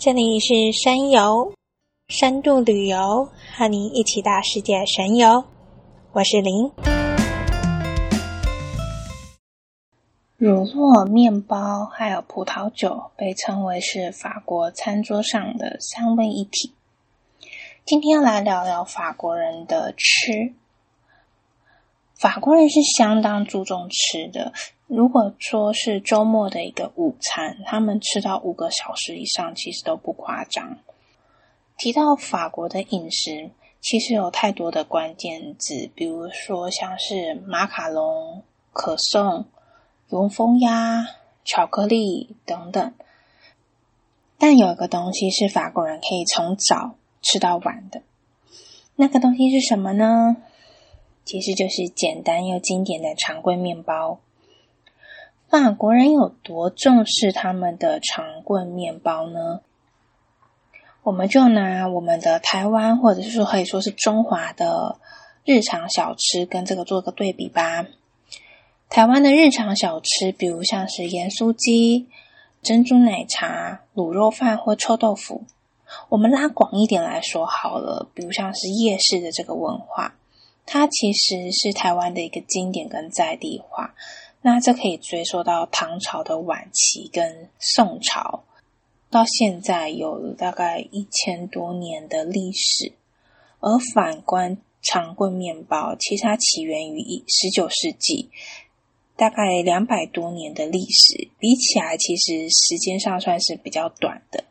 這裡是山游山度旅遊，和你一起到世界神遊。我是林。乳酪、麵包還有葡萄酒被稱為是法國餐桌上的三位一體。今天要來聊聊法國人的吃。法國人是相當注重吃的。如果說是周末的一個午餐，他們吃到五個小時以上，其實都不誇張。提到法國的飲食，其實有太多的關鍵字，比如說像是馬卡龍、可頌、油封鴨、巧克力等等。但有一個東西是法國人可以從早吃到晚的，那個東西是什麼呢？其實就是簡單又經典的長棍麵包。法國人有多重視他們的長棍麵包呢？我們就拿我們的台灣，或者是可以說是中華的日常小吃，跟這個做個對比吧。台灣的日常小吃，比如像是鹽酥雞、珍珠奶茶、滷肉飯或臭豆腐。我們拉廣一點來說好了，比如像是夜市的這個文化，它其實是台灣的一個經典跟在地化。那這可以追溯到唐朝的晚期跟宋朝，到現在有了大概一千多年的歷史。而反觀長棍麵包，其實它起源於十九世紀，大概兩百多年的歷史。比起來，其實時間上算是比較短的。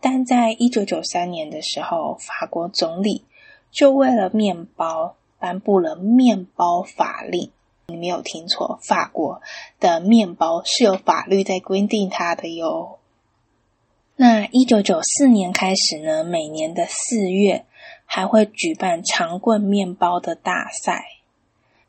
但在一九九三年的時候，法國總理就為了麵包頒佈了麵包法令。你沒有聽錯，法國的麵包是有法律在規定它的喲。那一九九四年開始呢，每年的四月還會舉辦長棍麵包的大賽。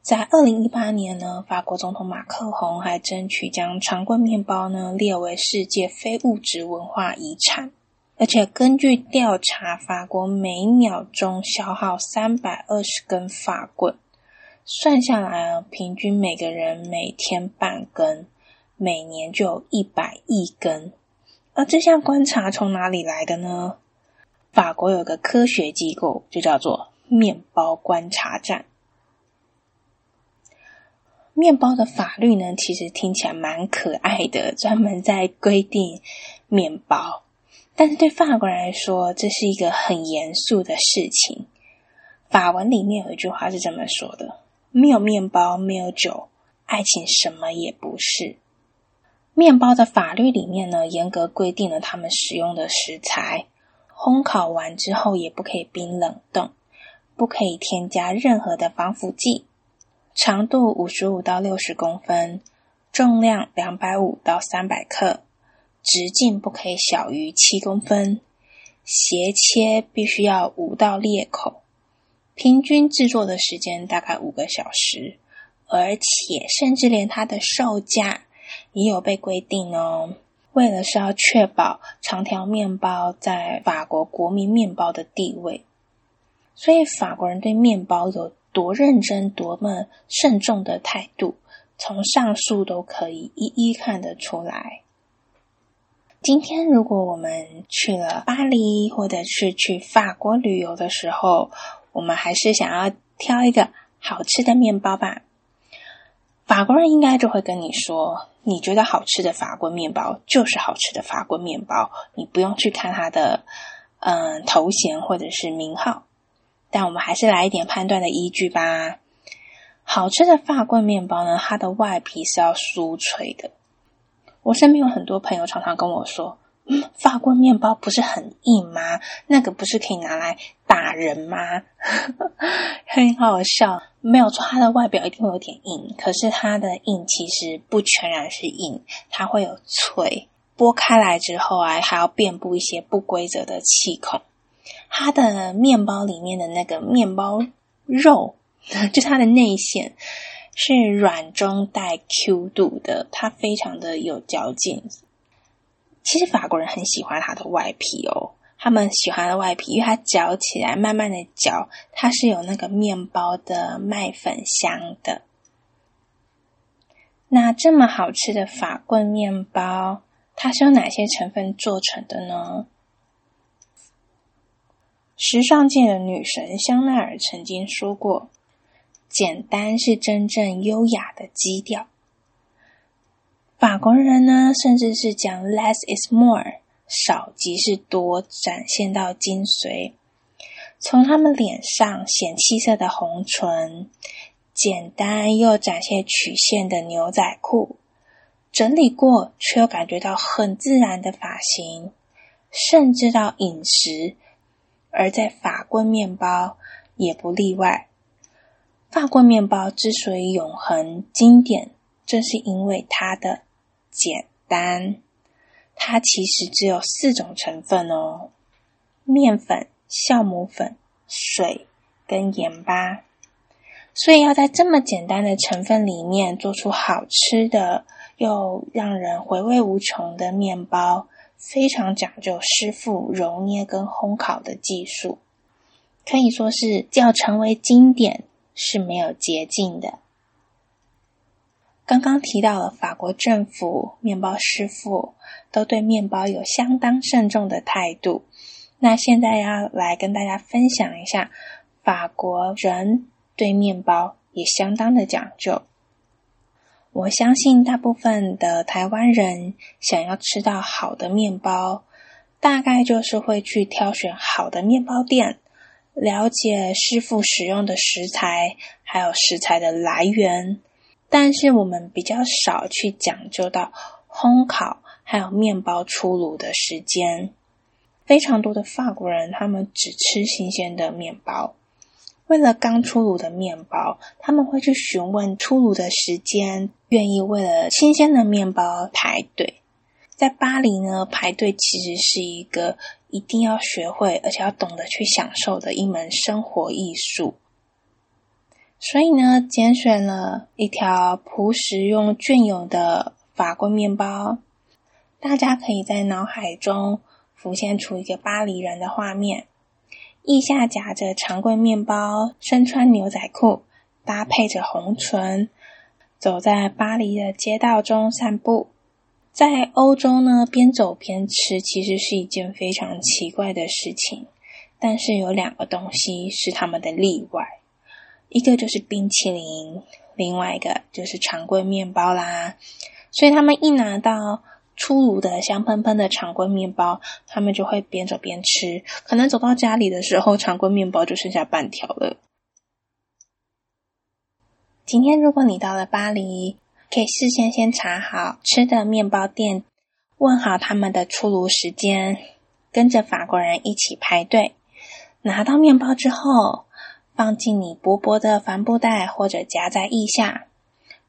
在二零一八年呢，法國總統馬克宏還爭取將長棍麵包呢列為世界非物質文化遺產。而且根據調查，法國每秒鐘消耗三百二十根法棍。算下來啊，平均每個人每天半根，每年就有一百億根。那這項觀察從哪裡來的呢？法國有個科學機構，就叫做麵包觀察站。麵包的法律呢，其實聽起來蠻可愛的，專門在規定麵包。但是對法國人來說，這是一個很嚴肅的事情。法文裡面有一句話是這麼說的。沒有麵包，沒有酒，愛情什麼也不是。麵包的法律裡面呢，嚴格規定了他們使用的食材，烘烤完之後也不可以冰冷凍，不可以添加任何的防腐劑。長度五十五到六十公分，重量兩百五到三百克，直徑不可以小於七公分，斜切必須要五道裂口。平均製作的時間大概五個小時，而且甚至連它的售價也有被規定哦。為了是要確保長條麵包在法國國民麵包的地位，所以法國人對麵包有多認真、多麼慎重的態度，從上述都可以一一看得出來。今天如果我們去了巴黎，或者是去法國旅遊的時候，我們還是想要挑一個好吃的麵包吧。法國人應該就會跟你說，你覺得好吃的法國麵包就是好吃的法國麵包，你不用去看它的嗯頭銜或者是名號。但我們還是來一點判斷的依據吧。好吃的法棍麵包呢，它的外皮是要酥脆的。我身邊有很多朋友常常跟我說。法棍麵包不是很硬嗎？那個不是可以拿來打人嗎？ 很好笑。沒有錯，它的外表一定會有點硬，可是它的硬其實不全然是硬，它會有脆。剝開來之後啊，還要遍佈一些不規則的氣孔。它的麵包裡面的那個麵包肉，就是、它的內餡，是軟中帶 Q 度的，它非常的有嚼勁。其實法國人很喜歡它的外皮哦，他們很喜歡它的外皮，因為它嚼起來，慢慢的嚼，它是有那個麵包的麥粉香的。那這麼好吃的法棍麵包，它是用哪些成分做成的呢？時尚界的女神香奈兒曾經說過：“簡單是真正優雅的基調。”法國人呢，甚至是講 “less is more”，少即是多，展現到精髓。從他們臉上顯氣色的紅唇，簡單又展現曲線的牛仔褲，整理過卻又感覺到很自然的髮型，甚至到飲食，而在法棍麵包也不例外。法棍麵包之所以永恆經典，正是因為它的。簡單，它其實只有四種成分哦：麵粉、酵母粉、水跟鹽巴，所以要在這麼簡單的成分裡面做出好吃的又讓人回味無窮的麵包，非常講究師傅揉捏跟烘烤的技術。可以說是要成為經典是沒有捷徑的。剛剛提到了法國政府、麵包師傅都對麵包有相當慎重的態度。那現在要來跟大家分享一下，法國人對麵包也相當的講究。我相信大部分的台灣人想要吃到好的麵包，大概就是會去挑選好的麵包店，了解師傅使用的食材，還有食材的來源。但是我們比較少去講究到烘烤，還有麵包出爐的時間。非常多的法國人，他們只吃新鮮的麵包。為了剛出爐的麵包，他們會去詢問出爐的時間，願意為了新鮮的麵包排隊。在巴黎呢，排隊其實是一個一定要學會，而且要懂得去享受的一門生活藝術。所以呢，揀選了一條樸實又雋永的法棍麵包。大家可以在腦海中浮現出一個巴黎人的畫面：腋下夾着長棍麵包，身穿牛仔褲，搭配着紅唇，走在巴黎的街道中散步。在歐洲呢，邊走邊吃其實是一件非常奇怪的事情，但是有兩個東西是他們的例外。一個就是冰淇淋，另外一個就是長棍麵包啦。所以他們一拿到出爐的香噴噴的長棍麵包，他們就會邊走邊吃。可能走到家裡的時候，長棍麵包就剩下半條了。今天如果你到了巴黎，可以事先先查好吃的麵包店，問好他們的出爐時間，跟着法國人一起排隊，拿到麵包之後，放進你薄薄的帆布袋，或者夾在腋下，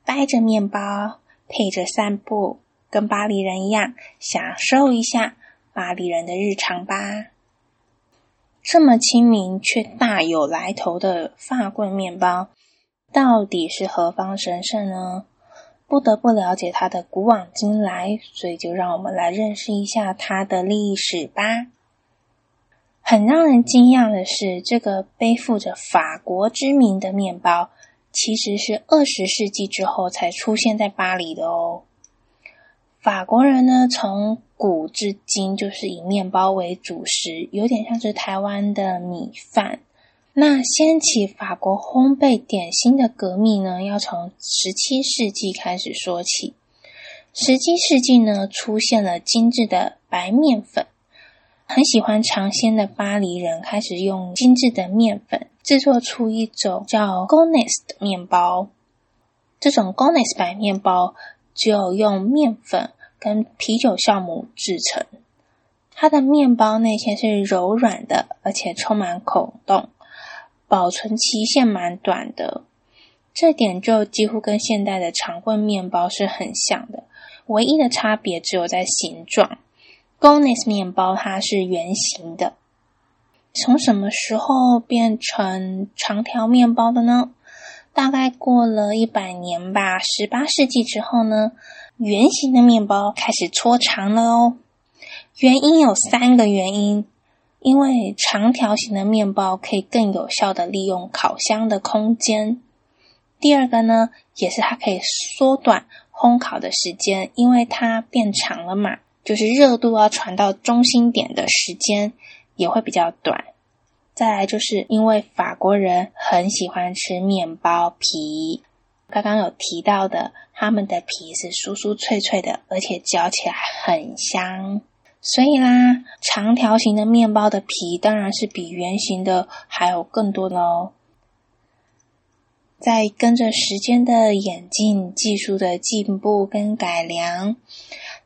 掰着麵包，配着散步，跟巴黎人一樣，享受一下巴黎人的日常吧。這麼親民卻大有來頭的法棍麵包，到底是何方神聖呢？不得不了解它的古往今來，所以就讓我們來認識一下它的歷史吧。很讓人驚訝的是，這個背負着法國之名的麵包，其實是二十世紀之後才出現在巴黎的哦。法國人呢，從古至今就是以麵包為主食，有點像是台灣的米飯。那掀起法國烘焙點心的革命呢，要從十七世紀開始說起。十七世紀呢，出現了精緻的白麵粉。很喜歡嘗鮮的巴黎人開始用精致的麵粉製作出一種叫 Gonesse 的麵包。這種 Gonesse 白麵包只有用麵粉跟啤酒酵母製成，它的麵包內餡是柔軟的，而且充滿孔洞，保存期限蠻短的。這點就幾乎跟現代的長棍麵包是很像的，唯一的差別只有在形狀。Gonesse 麵包它是圓形的，從什麼時候變成長條麵包的呢？大概過了一百年吧，十八世紀之後呢，圓形的麵包開始搓長了哦。原因有三個原因，因為長條形的麵包可以更有效地利用烤箱的空間。第二個呢，也是它可以縮短烘烤的時間，因為它變長了嘛。就是熱度要傳到中心點的時間也會比較短。再來，就是因為法國人很喜歡吃面包皮，剛剛有提到的，他們的皮是酥酥脆脆的，而且嚼起來很香。所以啦，長條形的面包的皮當然是比圓形的還有更多的哦。再跟着時間的演進、技術的進步跟改良，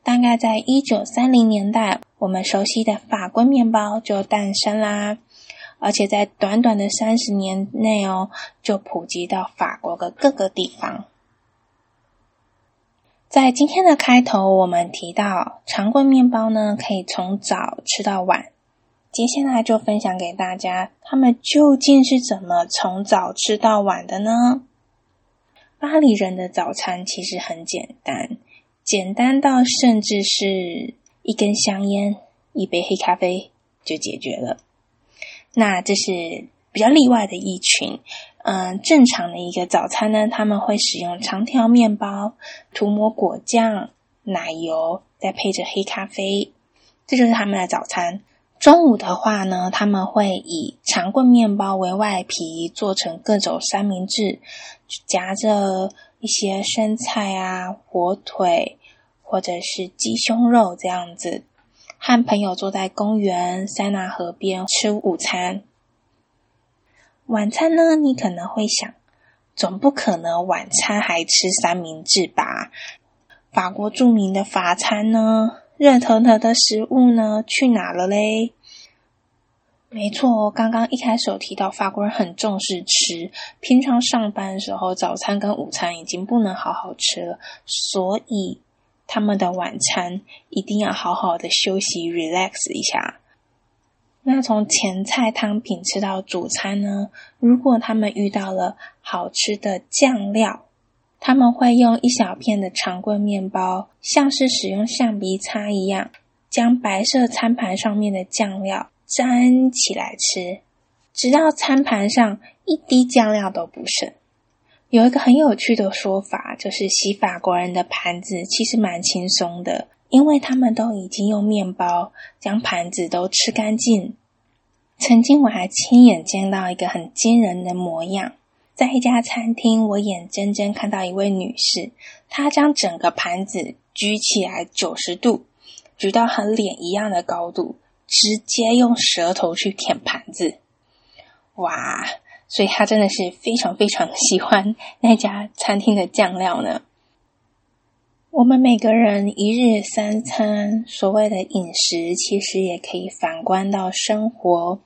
大概在一九三零年代，我們熟悉的法棍麵包就誕生啦，而且在短短的三十年內哦，就普及到法國的各個地方。在今天的開頭，我們提到長棍麵包呢，可以從早吃到晚。接下來就分享給大家，他們究竟是怎麼從早吃到晚的呢？巴黎人的早餐其實很簡單。簡單到甚至是一根香菸、一杯黑咖啡就解決了。那這是比較例外的一群。嗯、呃，正常的一個早餐呢，他們會使用長條麵包，塗抹果醬、奶油，再配着黑咖啡，這就是他們的早餐。中午的話呢，他們會以長棍麵包為外皮，做成各種三明治，夾着。一些生菜啊、火腿或者是雞胸肉這樣子，和朋友坐在公園塞納河邊吃午餐。晚餐呢，你可能會想，總不可能晚餐還吃三明治吧？法國著名的法餐呢，熱騰騰的食物呢，去哪了嘞？沒錯哦，剛剛一開始有提到法國人很重視吃，平常上班的時候早餐跟午餐已經不能好好吃了，所以他們的晚餐一定要好好的休息，relax 一下。那從前菜、湯品吃到主餐呢，如果他們遇到了好吃的醬料，他們會用一小片的長棍麵包，像是使用橡皮擦一樣，將白色餐盤上面的醬料沾起來吃，直到餐盤上一滴醬料都不剩。有一個很有趣的說法，就是洗法國人的盤子其實蠻輕鬆的，因為他們都已經用麵包將盤子都吃乾淨。曾經我還親眼見到一個很驚人的模樣，在一家餐廳，我眼睜睜看到一位女士，她將整個盤子舉起來九十度，舉到和臉一樣的高度。直接用舌頭去舔盤子，哇！所以他真的是非常非常喜歡那家餐廳的醬料呢。我們每個人一日三餐，所謂的飲食，其實也可以反觀到生活。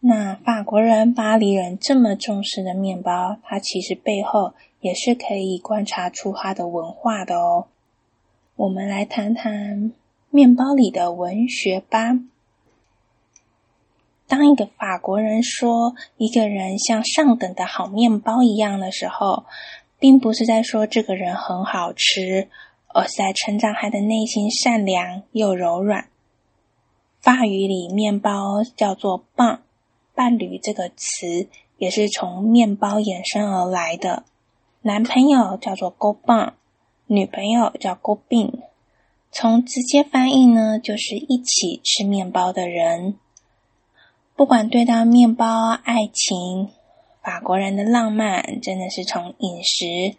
那法國人、巴黎人這麼重視的麵包，它其實背後也是可以觀察出它的文化的哦。我們來談談麵包裡的文學吧。當一個法國人說一個人像上等的好麵包一樣的時候，並不是在說這個人很好吃，而是在稱讚他的內心善良又柔軟。法語裡麵包叫做“棒”，伴侶這個詞也是從麵包衍生而來的。男朋友叫做“勾棒”，女朋友叫“勾餅”。從直接翻譯呢，就是一起吃面包的人。不管對待面包、愛情、法國人的浪漫，真的是從飲食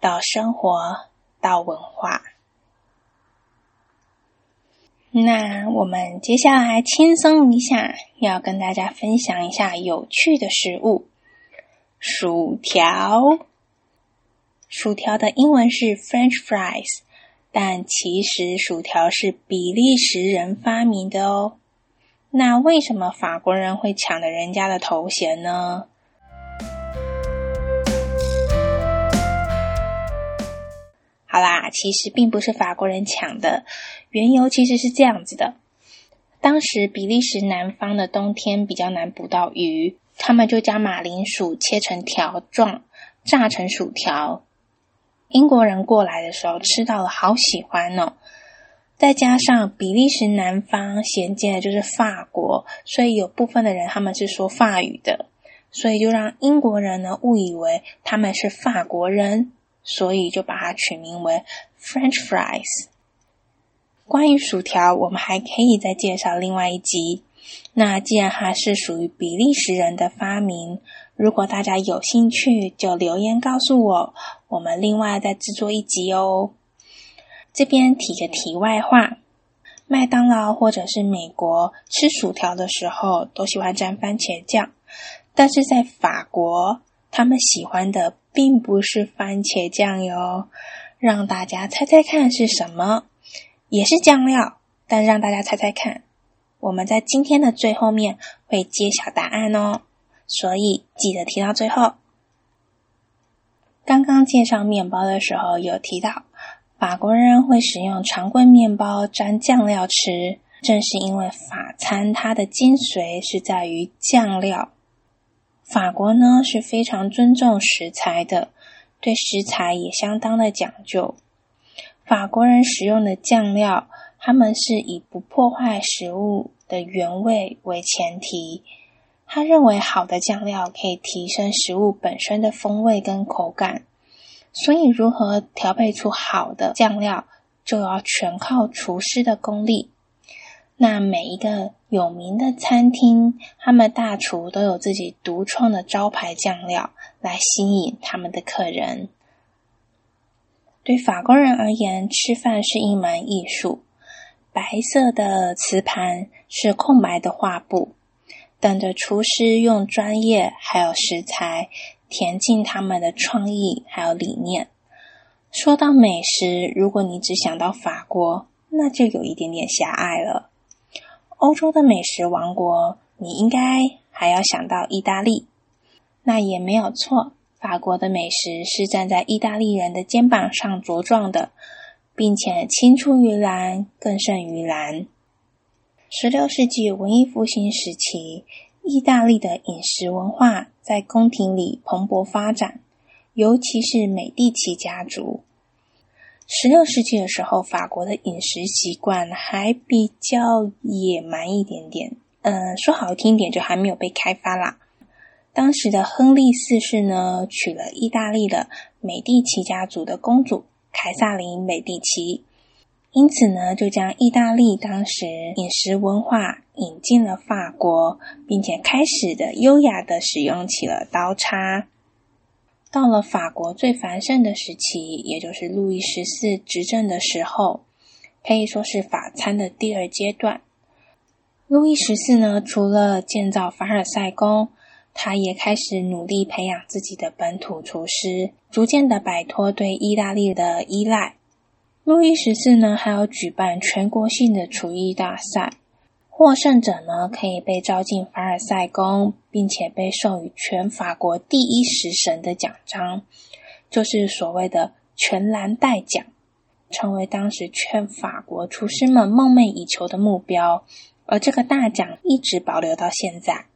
到生活到文化。那我們接下來輕鬆一下，要跟大家分享一下有趣的食物——薯條。薯條的英文是 French fries。但其實薯條是比利時人發明的哦，那為什麼法國人會搶了人家的頭銜呢？好啦，其實並不是法國人搶的，緣由其實是這樣子的：當時比利時南方的冬天比較難捕到魚，他們就將馬鈴薯切成條狀，炸成薯條。英國人過來的時候吃到了，好喜歡哦！再加上比利時南方銜接的就是法國，所以有部分的人他們是說法語的，所以就讓英國人呢誤以為他們是法國人，所以就把它取名為 French fries。關於薯條，我們還可以再介紹另外一集。那既然它是屬於比利時人的發明。如果大家有興趣，就留言告訴我，我們另外再製作一集哦。這邊提個題外話：麥當勞或者是美國吃薯條的時候都喜歡沾番茄醬，但是在法國，他們喜歡的並不是番茄醬喲。讓大家猜猜看是什麼？也是醬料，但讓大家猜猜看，我們在今天的最後面會揭曉答案哦。所以記得提到最後。剛剛介紹麵包的時候有提到，法國人會使用長棍麵包沾醬料吃，正是因為法餐它的精髓是在於醬料。法國呢是非常尊重食材的，對食材也相當的講究。法國人使用的醬料，他們是以不破壞食物的原味為前提。他認為好的醬料可以提升食物本身的風味跟口感，所以如何調配出好的醬料，就要全靠廚師的功力。那每一個有名的餐廳，他們大廚都有自己獨創的招牌醬料，來吸引他們的客人。對法國人而言，吃飯是一門藝術。白色的瓷盤是空白的畫布。等着廚師用專業還有食材填進他們的創意還有理念。說到美食，如果你只想到法國，那就有一點點狹隘了。歐洲的美食王國，你應該還要想到意大利，那也沒有錯。法國的美食是站在意大利人的肩膀上茁壯的，並且青出於藍，更勝於藍。十六世紀文藝復興時期，意大利的飲食文化在宮廷裡蓬勃發展，尤其是美第奇家族。十六世紀的時候，法國的飲食習慣還比較野蠻一點點，嗯、呃，說好聽點，就還沒有被開發啦。當時的亨利四世呢，娶了意大利的美第奇家族的公主凱撒琳·美第奇。因此呢，就將意大利當時飲食文化引進了法國，並且開始的優雅的使用起了刀叉。到了法國最繁盛的時期，也就是路易十四執政的時候，可以說是法餐的第二階段。路易十四呢，除了建造凡爾賽宮，他也開始努力培養自己的本土廚師，逐漸的擺脫對意大利的依賴。路易十四呢，還要舉辦全國性的廚藝大賽，獲勝者呢，可以被召進凡爾賽宮，並且被授予“全法國第一食神”的獎章，就是所謂的全藍帶獎，成為當時全法國廚師們夢寐以求的目標。而這個大獎一直保留到現在。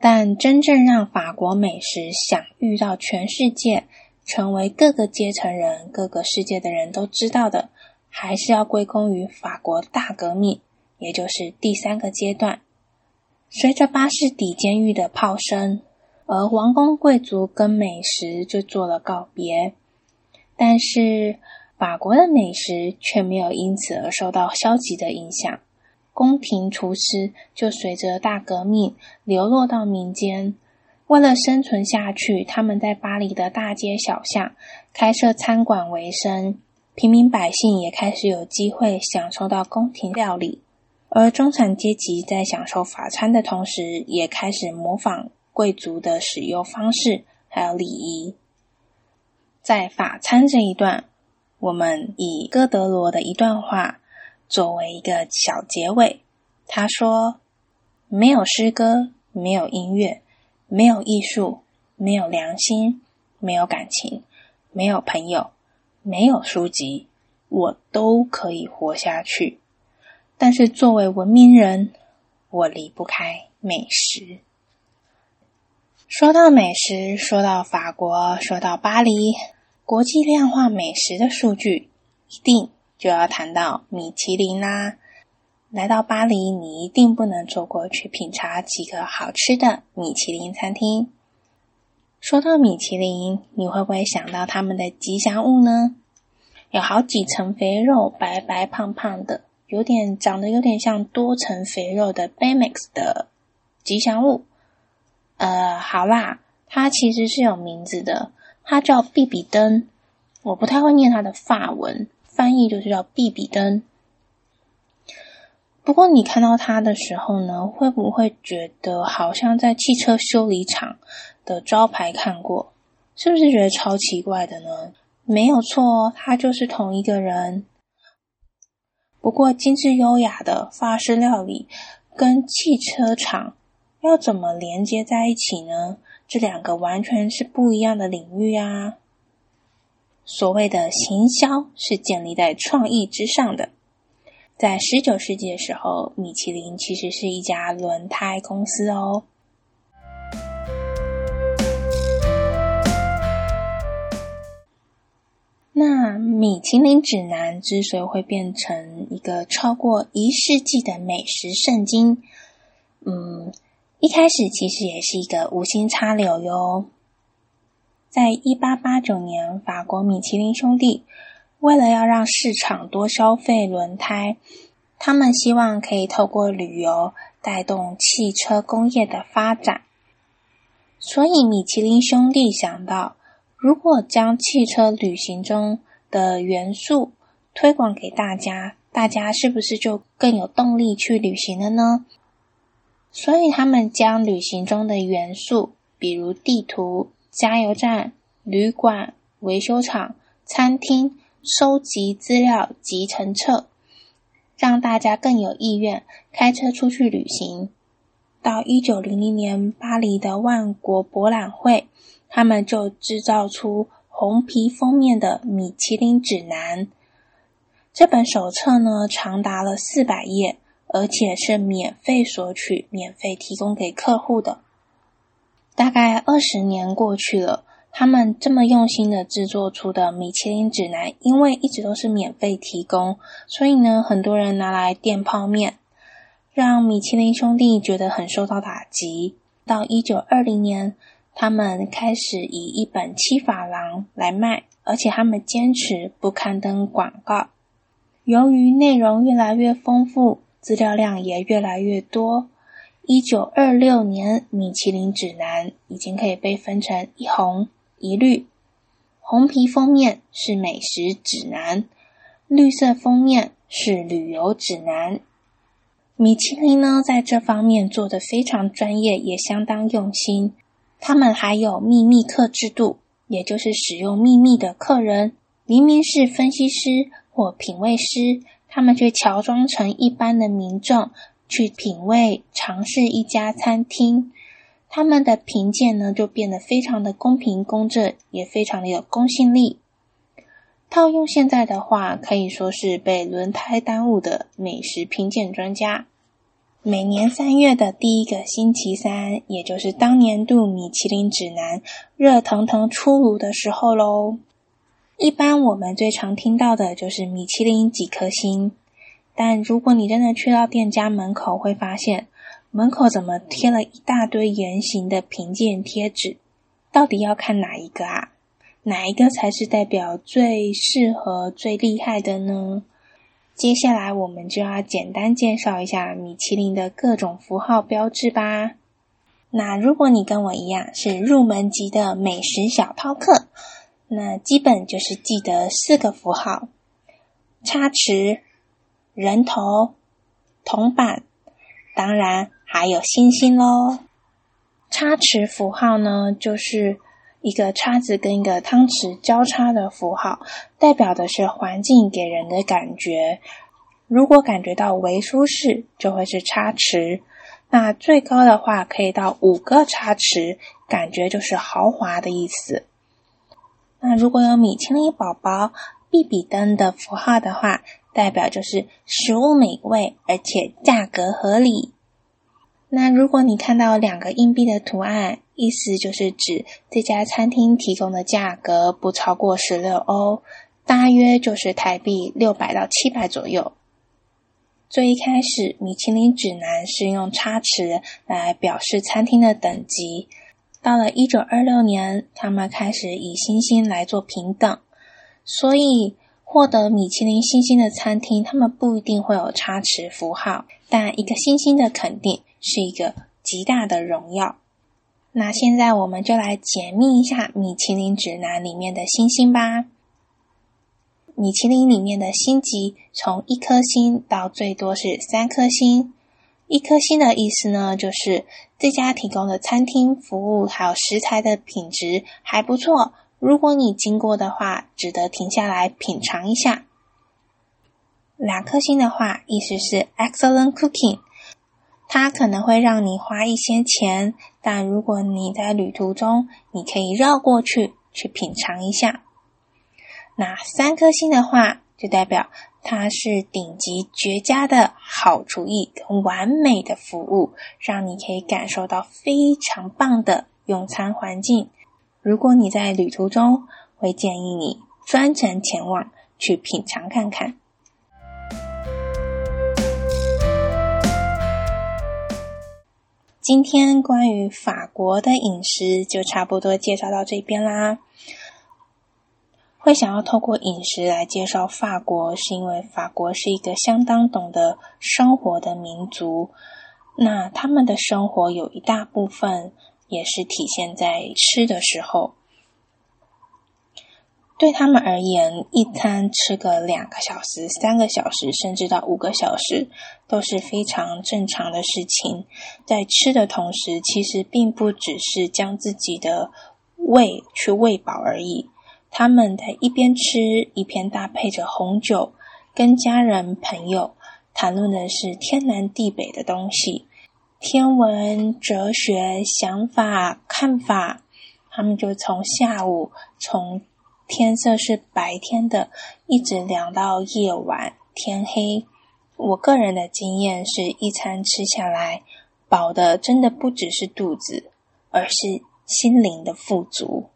但真正讓法國美食享譽到全世界，成為各個階層人，各個世界的人都知道的，還是要歸功於法國大革命，也就是第三個階段。隨着巴士底監獄的炮聲，而王公貴族跟美食就做了告別。但是，法國的美食卻沒有因此而受到消極的影響。宮廷廚師就隨着大革命流落到民間。為了生存下去，他們在巴黎的大街小巷開設餐館為生。平民百姓也開始有機會享受到宮廷料理，而中產階級在享受法餐的同時，也開始模仿貴族的使用方式，還有禮儀。在法餐這一段，我們以哥德羅的一段話作為一個小結尾。他說：“沒有詩歌，沒有音樂。”沒有藝術，沒有良心，沒有感情，沒有朋友，沒有書籍，我都可以活下去。但是作為文明人，我離不開美食。說到美食，說到法國，說到巴黎，國際量化美食的數據，一定就要談到米其林啦。來到巴黎，你一定不能錯過去品茶幾個好吃的米其林餐廳。說到米其林，你會不會想到他們的吉祥物呢？有好幾層肥肉，白白胖胖的，有點長得有點像多層肥肉的 b e m a x 的吉祥物。呃，好啦，它其實是有名字的，它叫畢比登。我不太會念它的法文，翻譯就是叫畢比登。不過你看到他的時候呢，會不會覺得好像在汽車修理廠的招牌看過？是不是覺得超奇怪的呢？沒有錯哦，他就是同一個人。不過精致優雅的法式料理跟汽車廠要怎麼連接在一起呢？這兩個完全是不一樣的領域啊。所謂的行銷是建立在創意之上的。在十九世紀的時候，米其林其實是一家輪胎公司哦。那米其林指南之所以會變成一個超過一世紀的美食聖經，嗯，一開始其實也是一個無心插柳喲。在一八八九年，法國米其林兄弟。為了要讓市場多消費輪胎，他們希望可以透過旅遊帶動汽車工業的發展。所以，米其林兄弟想到，如果將汽車旅行中的元素推廣給大家，大家是不是就更有動力去旅行了呢？所以，他們將旅行中的元素，比如地圖、加油站、旅館、維修廠、餐廳、收集資料集成冊，讓大家更有意願開車出去旅行。到一九零零年巴黎的萬國博覽會，他們就製造出紅皮封面的《米其林指南》。這本手冊呢，長達了四百頁，而且是免費索取、免費提供給客戶的。大概二十年過去了。他們這麼用心的制作出的米其林指南，因為一直都是免費提供，所以呢，很多人拿來墊泡麵，讓米其林兄弟覺得很受到打擊。到一九二零年，他們開始以一本七法郎來賣，而且他們堅持不刊登廣告。由於內容越來越豐富，資料量也越來越多。一九二六年，米其林指南已經可以被分成一紅。一律，紅皮封面是美食指南，綠色封面是旅遊指南。米其林呢，在這方面做得非常專業，也相當用心。他們還有秘密客制度，也就是使用秘密的客人，明明是分析師或品味師，他們卻喬裝成一般的民眾去品味、嘗試一家餐廳。他們的評鑑呢，就變得非常的公平公正，也非常的有公信力。套用現在的話，可以說是被輪胎耽誤的美食評鑑專家。每年三月的第一個星期三，也就是當年度米其林指南熱騰騰出爐的時候嘍。一般我們最常聽到的就是米其林幾顆星，但如果你真的去到店家門口，會發現，門口怎麼貼了一大堆圓形的評鑑貼紙？到底要看哪一個啊？哪一個才是代表最適合、最厲害的呢？接下來我們就要簡單介紹一下米其林的各種符號標志吧。那如果你跟我一樣是入門級的美食小饕客，那基本就是記得四個符號：叉匙、人頭、銅板，當然。還有星星咯，叉匙符號呢，就是一個叉子跟一個湯匙交叉的符號，代表的是環境給人的感覺。如果感覺到為舒適，就會是叉匙，那最高的話可以到五個叉匙，感覺就是豪華的意思。那如果有米其林寶寶、必比登的符號的話，代表就是食物美味，而且價格合理。那如果你看到兩個硬幣的圖案，意思就是指這家餐廳提供的價格不超過十六歐，大約就是台幣六百到七百左右。最一開始，米其林指南是用叉匙來表示餐廳的等級。到了一九二六年，他們開始以星星來做評等。所以，獲得米其林星星的餐廳，他們不一定會有叉匙符號，但一個星星的肯定，是一個極大的榮耀。那現在我們就來解密一下米其林指南裡面的星星吧！米其林裡面的星級從一顆星到最多是三顆星。一顆星的意思呢，就是這家提供的餐廳服務還有食材的品質還不錯。如果你經過的話，值得停下來品嘗一下。兩顆星的話，意思是 excellent cooking。它可能會讓你花一些錢，但如果你在旅途中，你可以繞過去去品嚐一下。那三顆星的話，就代表它是頂級、絕佳的好廚藝跟完美的服務，讓你可以感受到非常棒的用餐環境。如果你在旅途中，會建議你專程前往去品嚐看看。今天關於法國的飲食就差不多介紹到這邊啦。會想要透過飲食來介紹法國，是因為法國是一個相當懂得生活的民族，那他們的生活有一大部分也是體現在吃的時候。對他們而言，一餐吃個兩個小時、三個小時，甚至到五個小時都是非常正常的事情。在吃的同時，其實並不只是將自己的胃去餵飽而已。他們在一邊吃，一邊搭配着紅酒，跟家人朋友談論的是天南地北的東西、天文、哲學、想法、看法。他們就從下午從。天色是白天的，一直聊到夜晚天黑。我個人的經驗是，一餐吃下來，飽的真的不只是肚子，而是心靈的富足。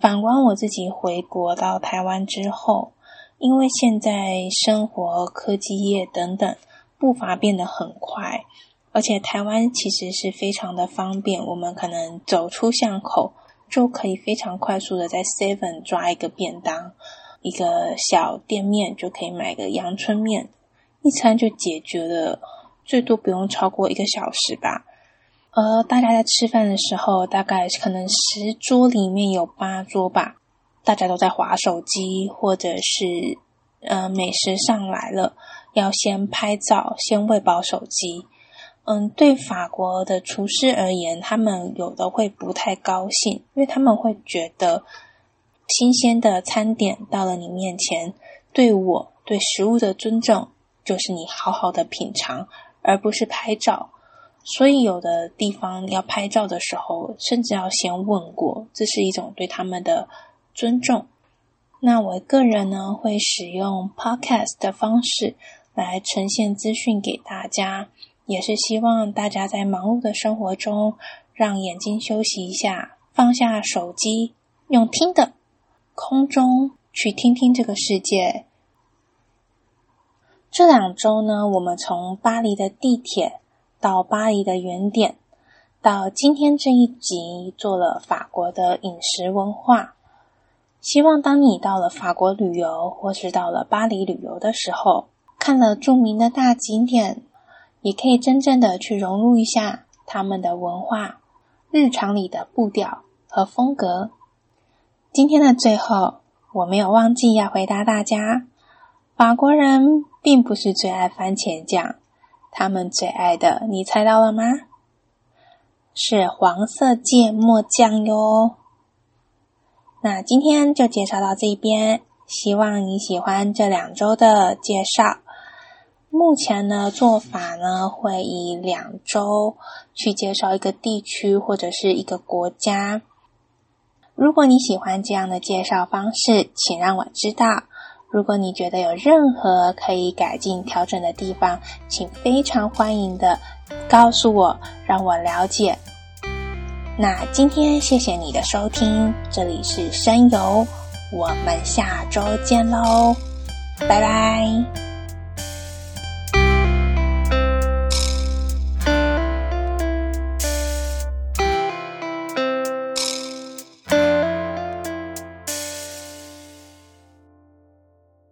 反觀我自己回國到台灣之後，因為現在生活、科技業等等步伐變得很快，而且台灣其實是非常的方便，我們可能走出巷口。就可以非常快速的在 Seven 抓一個便當，一個小店面就可以買一個陽春麵，一餐就解決了，最多不用超過一個小時吧。而、呃、大家在吃飯的時候，大概可能十桌裡面有八桌吧，大家都在滑手機，或者是呃美食上來了，要先拍照，先餵飽手機。嗯，對法國的廚師而言，他們有的會不太高興，因為他們會覺得新鮮的餐點到了你面前，對，我對食物的尊重就是你好好的品嘗，而不是拍照。所以，有的地方要拍照的時候，甚至要先問過，這是一種對他們的尊重。那我個人呢，會使用 podcast 的方式來呈現資訊給大家。也是希望大家在忙碌的生活中，讓眼睛休息一下，放下手機，用聽的空中去聽聽這個世界。這兩週呢，我們從巴黎的地鐵到巴黎的原點，到今天這一集做了法國的飲食文化。希望當你到了法國旅遊，或是到了巴黎旅遊的時候，看了著名的大景點。也可以真正的去融入一下他們的文化，日常裡的步調和風格。今天的最後，我沒有忘記要回答大家：法國人並不是最愛番茄醬，他們最愛的，你猜到了嗎？是黃色芥末醬喲。那今天就介紹到這邊，希望你喜歡這兩周的介紹。目前呢，做法呢，會以兩周去介紹一個地區或者是一個國家。如果你喜歡這樣的介紹方式，請讓我知道。如果你覺得有任何可以改進調整的地方，請非常歡迎的告訴我，讓我了解。那今天謝謝你的收聽，這裡是聲遊，我們下周見嘍，拜拜。